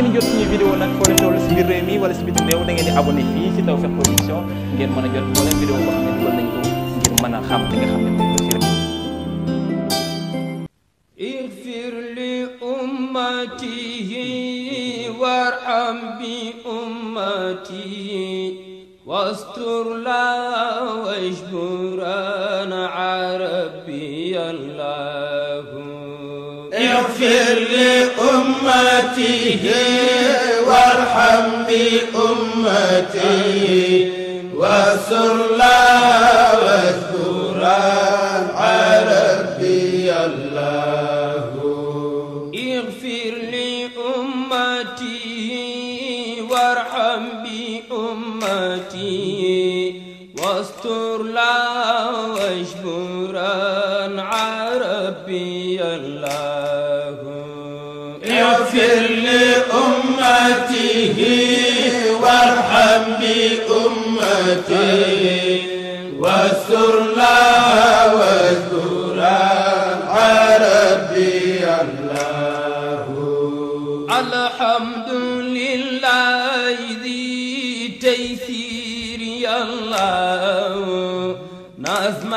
ngeen jot suñu vidéo nag foo leen toll si biir réew mi wala si biti réew da ngeen di abonné fii si Tawfekh Production ngeen mën a jot moo leen vidéo boo xam ne dugal nañ ko ngir mën a xam li nga xam ne moom la rek. اغفر لأمته وارحم بأمته واستر لها واجبران عربي الله اغفر لأمته وارحم بأمته وسر لها واذكرها ربي الله نظم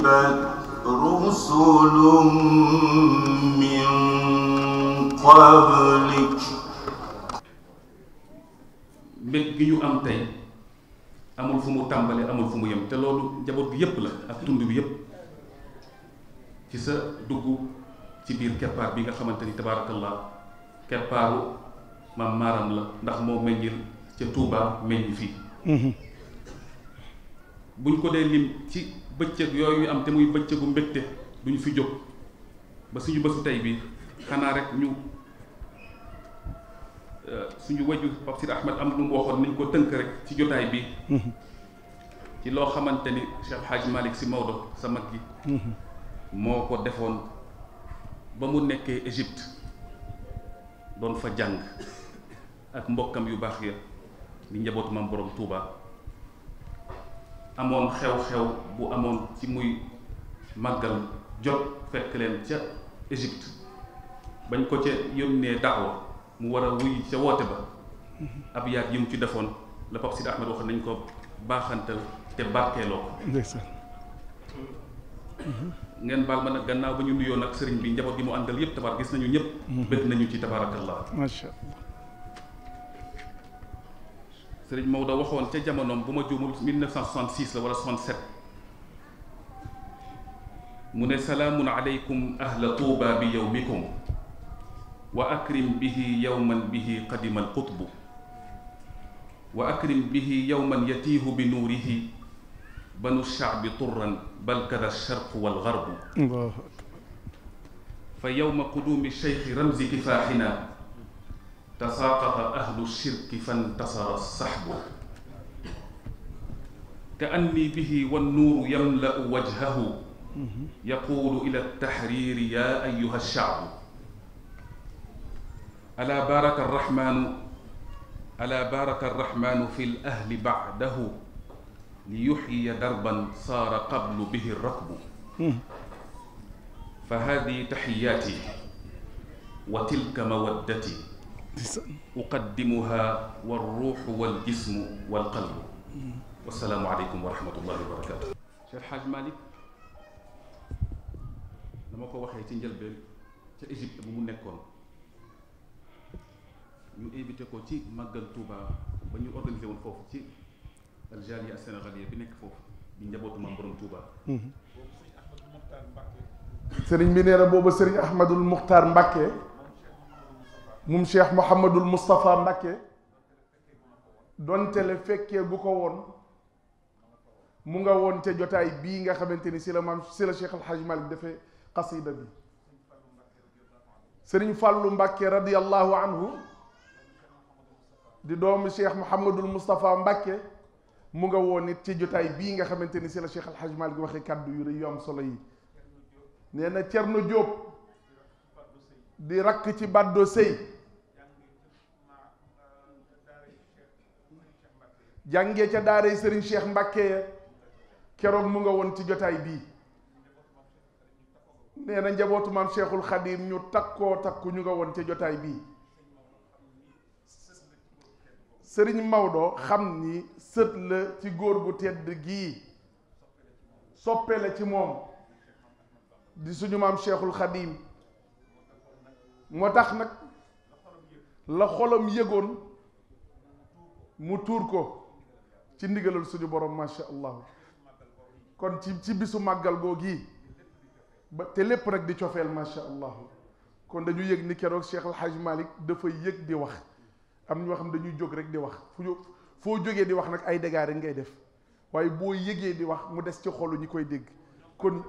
كذبت رسل gi ñu am tey amul fu mu tàmbalee amul fu mu yem te loolu njaboot bi yépp la ak tund bi yépp ci sa dugg ci biir keppaar bi nga xamante ni tabaarakallah keppaaru maam maaram la ndax moo meññil ca Tuubaa meññ fii mhm. buñ ko dee lim ci bëccëg yooyu am te muy bëccëgu mbégte duñu fi jóg ba suñu bésu tey bii xanaa rek ñu euh, suñu waju Pape Sidi Ahmed am lu mu waxoon ko tënk rek ci jotaay bi mm-hmm. ci loo xamante ni Cheikh Hadj Malick si Maodo sa mag gi mm-hmm. moo ko defoon ba mu nekkee Égypte doon fa jàng ak mbokkam yu baax ya di njabootu mam borom Touba amoon xew-xew bu amoon ci muy màggal jot fekk leen ca Égypte bañ ko ca yónnee daawa mu war a wuy ca woote ba mhm. ab yaat yi mu ci defoon la Pape Sidi Ahmed wax nañ ko baaxantal te barkeeloo ko mhm. ngeen baal ma nag gannaaw ba ñu nuyoo nag sëriñ bi njaboot gi mu àndal yëpp tabaar gis nañu ñëpp mhm. bëgg nañu ci tabaarakallah masha sëriñ Maodo waxoon ca jamonoom bu ma juumul 1966 la wala 67 mu ne salaamun aleykum ahla tuuba bi yowmikum wa akrim bihi yowman bihi qadima alqutbu wa akrim bihi yowman yatiihu bi nuurihi banu shaabi turran bal kada alsharqu walgarbu fa yowma quduumi cheikhi ramzi kifaaxina tasaaqata ahlu shirki fantasara saxbu ka anni bihi wan nuuru yamla'u wajhahu yaquulu ila taxriiri yaa ayyuha shaabu alaa baaraka arraxmaanu alaa baaraka arraxmaanu fil ahli bacdahu li yuxyiya darban saara qablu bihi rakbu fa haadihi taxiyaati wa tilka mawaddati uqaddimuha wal ruuxu wal jismu wal qalbu wassalaamu aleykum wa rahmatullahi wa barakaatu Cheikh Hadj Malick dama ko waxee ci njëlbeen ca Égypte bu mu nekkoon ñu invité ko ci màggal Touba ba ñu organisé woon foofu ci Algérie sénégalaise bi nekk foofu di njabootu maam borom Touba sëriñ bi nee na booba sëriñ Ahmadul Muxtaar Mbàkke moom Cheikh Mouhamadul Moustapha Mbacké donte le fekkee bu ko woon mu nga woon te jotaay bii nga xamante ni si la maam si la Cheikh El Hadj Malick dafee xasida bi Sëriñ Fàllu di doomu Cheikh Mouhamadul Moustapha Mbacké mu nga woon it ci jotaay bii nga xamante ni sila la Cheikh El Hadj Malick kàddu yu rëy yu am solo yi nee na Cerno Jóob di rakk ci Baddo Sey jànge ca daaray sëriñ Cheikh Mbacke keroog mu nga woon ci jotaay bii nee na njabootu maam Cheikhul Khadim ñu takkoo takku ñu nga woon ci jotaay bii Serigne Maodo xam ni sët la ci góor gu tedd gii soppe la ci moom di suñu maam Cheikhul Khadim moo tax nag la xolam yëgoon mu tuur ko ci ndigalal suñu borom macha allah kon ci ci bisu màggal googi ba te lépp rek di cofeel macha allah kon dañu yëg ni keroog Cheikh El Hadj dafa yëg di wax am ñoo xam dañuy jóg rek di wax fu ñu foo jógee di wax nag ay dégâts rek ngay def waaye boo yëgee di wax mu des ci xolu ñi koy dégg kon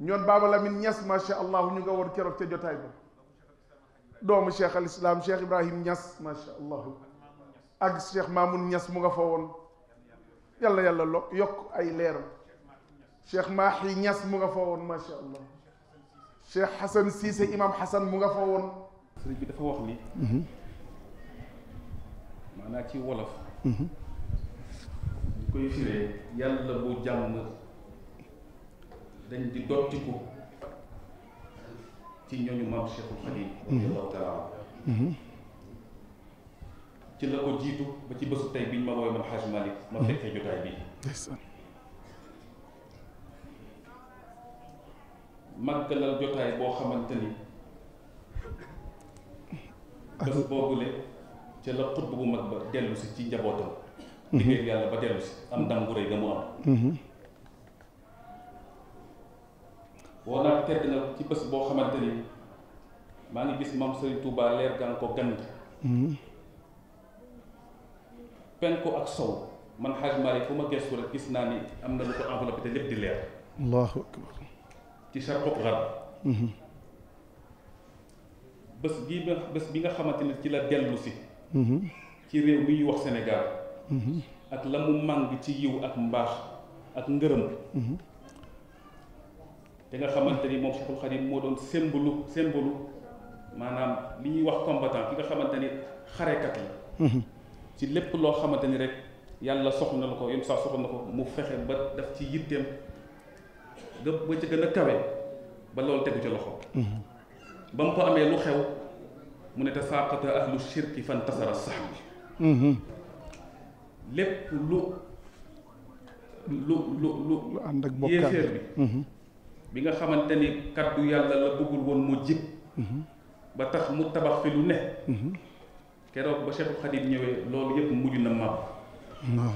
ñoon Baaba Lamine Ñas macha allah ñu nga woon keroog ca jotaay ba doomu Cheikh al Islam Cheikh Ibrahim Ñas macha allah ak Cheikh Mamoun Ñas mu nga fa woon. yàlla yàlla lo yokk ay leeram cheikh Mahi Niass mu nga fa woon macha allah cheikh Hassan Cissé imam Hassan mu nga fa woon. sëriñ bi dafa wax ni. Mhm. maanaam ci wolof. ñu mhm. koy firee yàlla bu jàmm dañ di dottiku ci ñooñu maam Cheikhul Khadim. Mhm. radiyallahu taala ci la ko jiitu ba ci bésu tey biñ ma wooy man Hadj Malick ma mhm. fekkee jotaay bi màggalal jotaay boo xamante ni ah. bés boobule ca la xutba bu mag ba dellu ci njabootam mhm. liggéey yàlla ba dellu si am ndam gu rëy ga mu am mhm. woo tedd na ci bés boo xamante ni maa ngi gis maam Serigne Touba leer gan ko gand penku ak sow man xaaj Malick fu ma gëstu rek gis naa ni am na lu ko enveloppé te di leer. allahu akbar ci charqu xarb. Mhm. bés bii bés bi nga xamante ne ci la dellu si. Mhm. ci réew mi ñuy wax Sénégal. Mhm. ak la mu màng ci yiw ak mbaax ak ngërëm. te nga xamante ni moom Cheikhul Khadim moo doon sémbalu sémbalu maanaam li ñuy wax combattant ki nga xamante ni xarekat la. ci lépp loo xamante ni rek yàlla soxla na ko yom saa soxla na ko mu fexe ba def ci yitteem ga ba ci gën a kawe ba loolu tegu ci loxo mm-hmm. ba mu ko amee lu xew mu ne te saaqata ahlu shirki fan tasara sax bi mm-hmm. lépp lu lu lu lu lu ànd ak bokkaat bi mm-hmm. bi nga xamante ni kaddu yàlla la bëggul woon mu jib ba tax mu tabax fi lu ne keroog ba Cheikhul Khadim ñëwee loolu yëpp mujj na màbb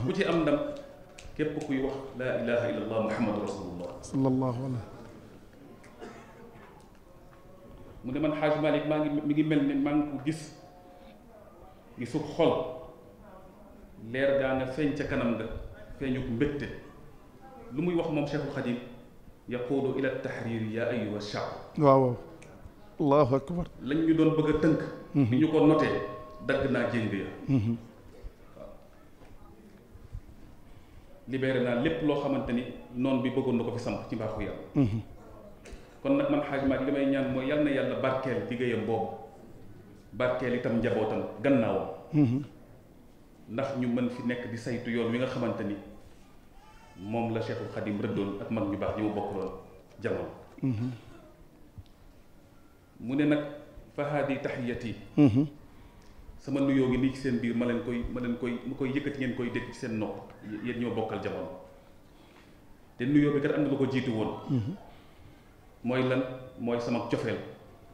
ku ci am ndam képp kuy wax laa ilaha illallah muhammadu mu ne man xaaj Malick maa ngi mi ngi mel ne maa ngi ko gis gisu xol leer gaa nga feeñ ca kanam nga feeñuk mbégte lu muy wax moom Cheikhul Khadim yaquulu ila tahrir ya ayuha shab waaw waaw allahu akbar lañ ñu doon bëgg a tënk bi mhm. ñu ko notee dagg naa jéng ya mhm. waaw naa lépp loo xamante ni noon bi bëggoon na ko fi samp ci mbaaxu yàlla mhm. kon nag man xaaj maag li may ñaan mooy yal na yàlla barkeel liggéeyam boobu barkeel itam njabootam gannaawam mhm. ndax ñu mën fi nekk di saytu yoon wi nga xamante ni moom la Cheikhul Khadim rëddoon ak mag ñu baax ñu mu bokk lool jamono mu ne nag fa haadi taxiyati sama nuyoo gi nii ci seen biir ma leen koy ma koy koy yëkkati ngeen koy dégg ci seen nopp yéen ñoo bokkal jamono te nuyoo bi kat am na lu ko jiitu woon. Mm-hmm. mooy lan mooy sama cofeel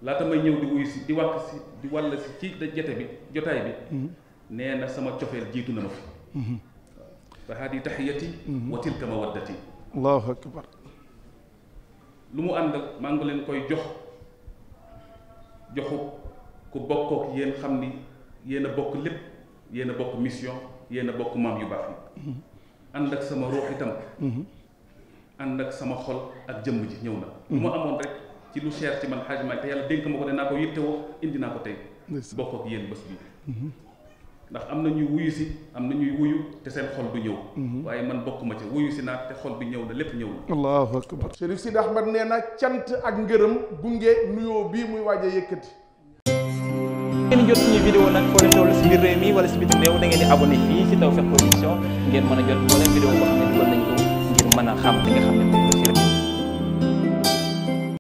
laata may ñëw di wuyu si di wàkk si di wàll si ci jote bi jotaay bi. Mm-hmm. nee na sama cofeel jiitu na ma fi. Mm-hmm. fa haadi tax wa tilka mawaddati. allahu akbar. lu mu àndal maa ngi leen koy jox joxu ku bokkook yéen xam ni. yéen bokk lépp yéen a bokk mission yéen a bokk maam yu baax yi ànd ak sama ruux itam ànd ak sama xol ak jëmm ji ñëw na lu ma amoon rek ci lu cher ci man xaaj maay te yàlla dénk ma ko ne naa ko yittewoo indi naa ko tey bokk ak yéen bés bi mhm. ndax am na ñuy wuyu si am na ñuy wuyu te seen xol du ñëw mhm. waaye man bokkuma ci ca wuyu si naa te xol bi ñëw na lépp ñëw na allahu akbar Chérif Sidi Ahmed nee na cant ak ngërëm gunge nuyoo bii muy waaj a yëkkati ngeen jot suñu vidéo nag foo leen toll si biir réew mi wala da ngeen di abonné fii